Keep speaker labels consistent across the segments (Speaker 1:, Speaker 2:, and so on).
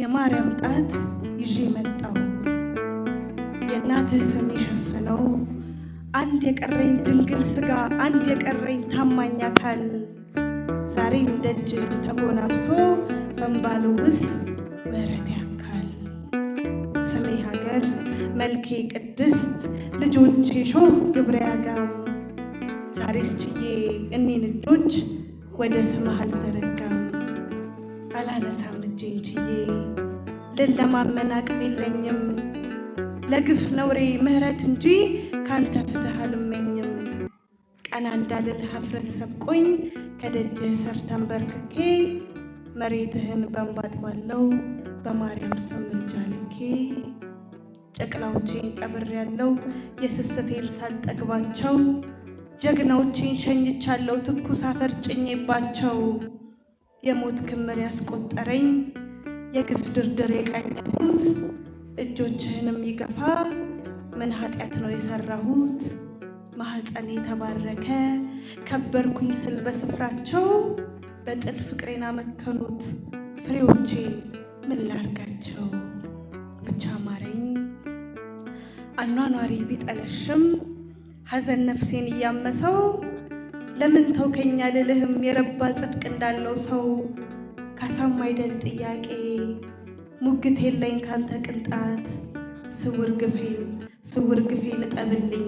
Speaker 1: የማርያም ጣት ይዤ መጣው የእናትህ ስም የሸፈነው አንድ የቀረኝ ድንግል ስጋ አንድ የቀረኝ ታማኝ አካል ዛሬም ደጅ ተጎናብሶ መንባል ውስ ምሕረት ያካል ስሜ ሀገር መልኬ ቅድስት ልጆቼ ሾህ ግብረ ያጋም ዛሬስ ችዬ እኔን እጆች ወደ ስምህ አልዘረጋም አላነሳም እጄን ችዬ ልለማመን አቅም የለኝም። ለግፍ ነውሬ ምህረት እንጂ ካንተ ፍትህ አልመኝም። ቀና እንዳልል ሀፍረት ሰብቆኝ ከደጅህ ስር ተንበርክኬ መሬትህን በእንባ ባለው በማርያም ስም እጅ አልኬ ጨቅላዎቼን ቀብሬያለሁ የስስቴን ሳልጠግባቸው ጀግናዎቼን ሸኝቻለሁ ትኩስ አፈር ጭኜባቸው የሞት ክምር ያስቆጠረኝ የግፍ ድርድር የቃኘሁት እጆችህንም ይገፋ ምን ኃጢአት ነው የሰራሁት? ማህፀን የተባረከ ከበርኩኝ ስል በስፍራቸው በጥል ፍቅሬን አመከኑት ፍሬዎቼ ምን ላርጋቸው ብቻ ማረኝ። አኗኗሪ ቢጠለሽም ሀዘን ነፍሴን እያመሰው ለምን ተውከኛ ልልህም የረባ ጽድቅ እንዳለው ሰው ካሳማ አይደል ጥያቄ ሙግት የለኝ ካንተ ቅንጣት ስውር ግፌን ስውር ግፌን እጠብልኝ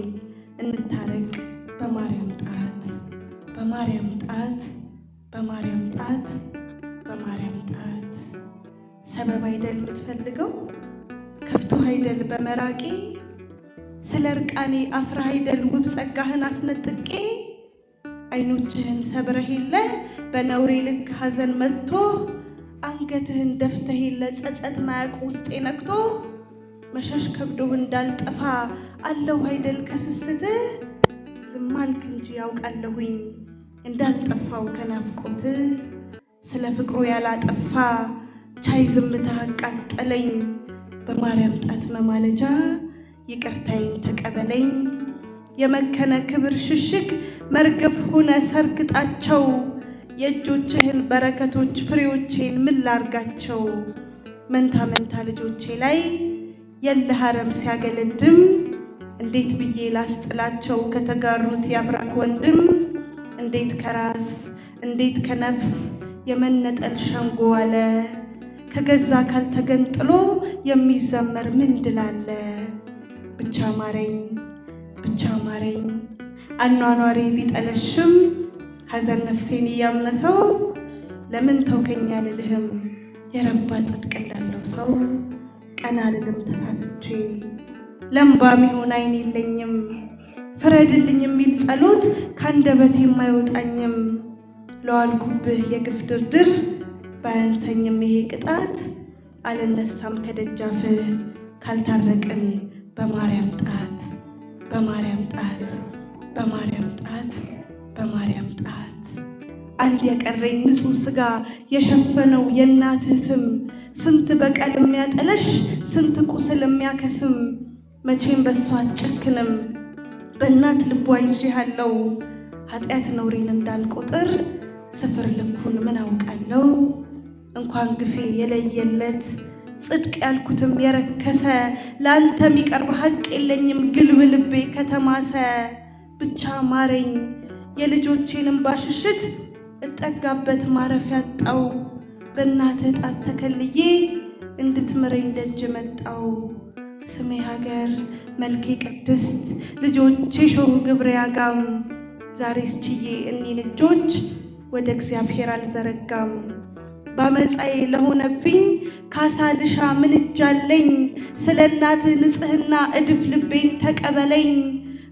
Speaker 1: እንታረቅ በማርያም ጣት በማርያም ጣት በማርያም ጣት በማርያም ጣት ሰበብ አይደል የምትፈልገው ከፍቶ አይደል በመራቄ ስለ እርቃኔ አፍራ አይደል ውብ ጸጋህን አስነጥቄ አይኖችህን ሰብረህ የለ በነውሬ ልክ ሀዘን መጥቶ አንገትህን ደፍተህ የለ ጸጸት ማያቅ ውስጤ ነክቶ መሸሽ ከብዶህ እንዳልጠፋ አለው አይደል ከስስት ዝም አልክ እንጂ ያውቃለሁኝ እንዳልጠፋው ከናፍቆት ስለ ፍቅሩ ያላጠፋ ቻይ ዝምታ አቃጠለኝ በማርያም ጣት መማለጃ ይቅርታይን ተቀበለኝ። የመከነ ክብር ሽሽግ መርገፍ ሆነ ሰርግጣቸው የእጆችህን በረከቶች ፍሬዎቼን ምን ላርጋቸው? መንታ መንታ ልጆቼ ላይ የለህ አረም ሲያገለድም እንዴት ብዬ ላስጥላቸው? ከተጋሩት የአብራክ ወንድም እንዴት ከራስ እንዴት ከነፍስ የመነጠል ሸንጎ አለ ከገዛ አካል ተገንጥሎ የሚዘመር ምንድላለ ብቻ ማረኝ አማረኝ አኗኗሪ ቢጠለሽም ሐዘን ነፍሴን እያመሰው ለምን ተውከኝ አልልህም የረባ ጽድቅ እንዳለው ሰው ቀና ልልም ተሳስቼ ለምባ ሚሆን አይን የለኝም ፍረድልኝ የሚል ጸሎት በት የማይወጣኝም ለዋልኩብህ የግፍ ድርድር ባያንሰኝም ይሄ ቅጣት አልነሳም ከደጃፍህ ካልታረቅን በማርያም ጣት በማርያም ጣት በማርያም ጣት በማርያም ጣት አንድ የቀረኝ ንጹሕ ሥጋ የሸፈነው የእናትህ ስም ስንት በቀል የሚያጠለሽ ስንት ቁስል የሚያከስም መቼም በእሷ አትጨክንም በእናት ልቧ ይዤሃለው ኃጢአት ነውሬን እንዳልቆጥር ስፍር ልኩን ምን አውቃለው እንኳን ግፌ የለየለት ጽድቅ ያልኩትም የረከሰ ለአንተ የሚቀርብ ሀቅ የለኝም ግልብ ልቤ ከተማሰ ብቻ ማረኝ የልጆቼንም ባሽሽት እጠጋበት ማረፊያ አጣው በእናትህ ጣት ተከልዬ እንድትምረኝ ደጅ መጣው። ስሜ ሀገር መልኬ ቅድስት ልጆቼ ሾሁ ግብረ ያጋም ዛሬ ስችዬ እኒን እጆች ወደ እግዚአብሔር አልዘረጋም ባመፃዬ ለሆነብኝ ካሳልሻ ምን እጃለኝ ስለ እናትህ ንጽህና እድፍ ልቤን ተቀበለኝ።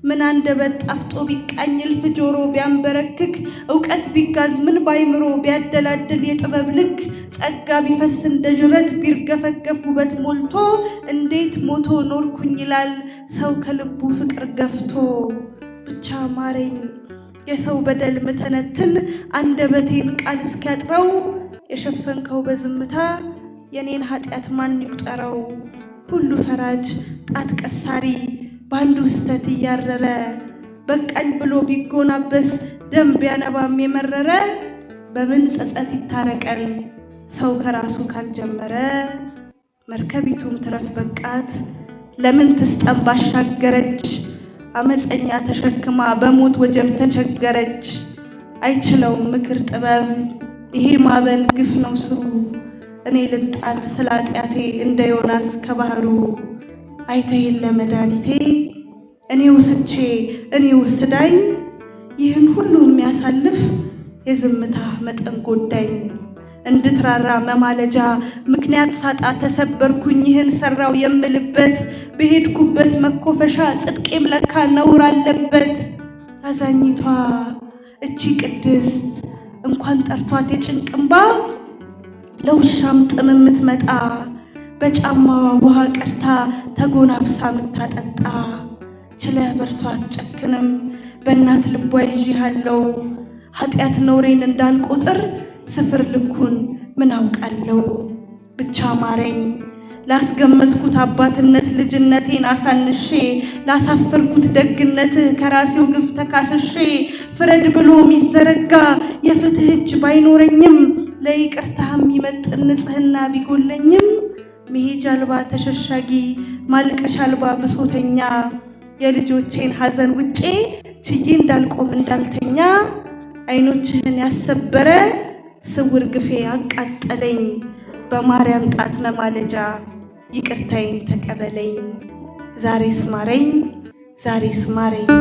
Speaker 1: ምን አንደበት ጣፍጦ ቢቃኝ እልፍ ጆሮ ቢያንበረክክ እውቀት ቢጋዝ ምን ባይምሮ ቢያደላድል የጥበብ ልክ ጸጋ ቢፈስ እንደ ጅረት ቢርገፈገፍ ውበት ሞልቶ እንዴት ሞቶ ኖርኩኝ ይላል ሰው ከልቡ ፍቅር ገፍቶ። ብቻ ማረኝ የሰው በደል ምተነትን አንደበቴን ቃል እስኪያጥረው የሸፈንከው በዝምታ የኔን ኃጢአት ማን ይቁጠረው? ሁሉ ፈራጅ ጣት ቀሳሪ በአንዱ ስተት እያረረ በቃኝ ብሎ ቢጎናበስ ደም ቢያነባም የመረረ በምን ጸጸት ይታረቀን ሰው ከራሱ ካልጀመረ። መርከቢቱም ትረፍ በቃት ለምን ትስጠን ባሻገረች አመፀኛ ተሸክማ በሞት ወጀብ ተቸገረች። አይችለውም ምክር ጥበብ ይሄ ማዕበል ግፍ ነው ስሩ እኔ ልጣል ስለ ኃጢአቴ እንደ ዮናስ ከባህሩ አይተይን ለመድኃኒቴ እኔ ውስቼ እኔ ውስዳኝ ይህን ሁሉ የሚያሳልፍ የዝምታ መጠን ጎዳኝ እንድትራራ መማለጃ ምክንያት ሳጣ ተሰበርኩኝ ይህን ሰራው የምልበት በሄድኩበት መኮፈሻ ጽድቄም ለካ ነውር አለበት። አዛኝቷ እቺ ቅድስት እንኳን ጠርቷት የጭንቅንባ ለውሻም ጥም የምትመጣ በጫማዋ ውሃ ቀድታ ተጎናብሳ የምታጠጣ ችለህ በእርሷ አትጨክንም በእናት ልቧ ይዤሃለው ኃጢአት ነውሬን እንዳልቆጥር ስፍር ልኩን ምን አውቃለው ብቻ ማረኝ ላስገመትኩት አባትነት ልጅነቴን አሳንሼ ላሳፈርኩት ደግነት ከራሴው ግፍ ተካስሼ ፍረድ ብሎ የሚዘረጋ የፍትህ እጅ ባይኖረኝም ለይቅርታ የሚመጥን ንጽህና ቢጎለኝም መሄጃ አልባ ተሸሻጊ ማልቀሻ አልባ ብሶተኛ የልጆቼን ሐዘን ውጬ ችዬ እንዳልቆም እንዳልተኛ አይኖችህን ያሰበረ ስውር ግፌ አቃጠለኝ በማርያም ጣት መማለጃ ይቅርታዬን ተቀበለኝ ዛሬ ስማረኝ ዛሬ ስማረኝ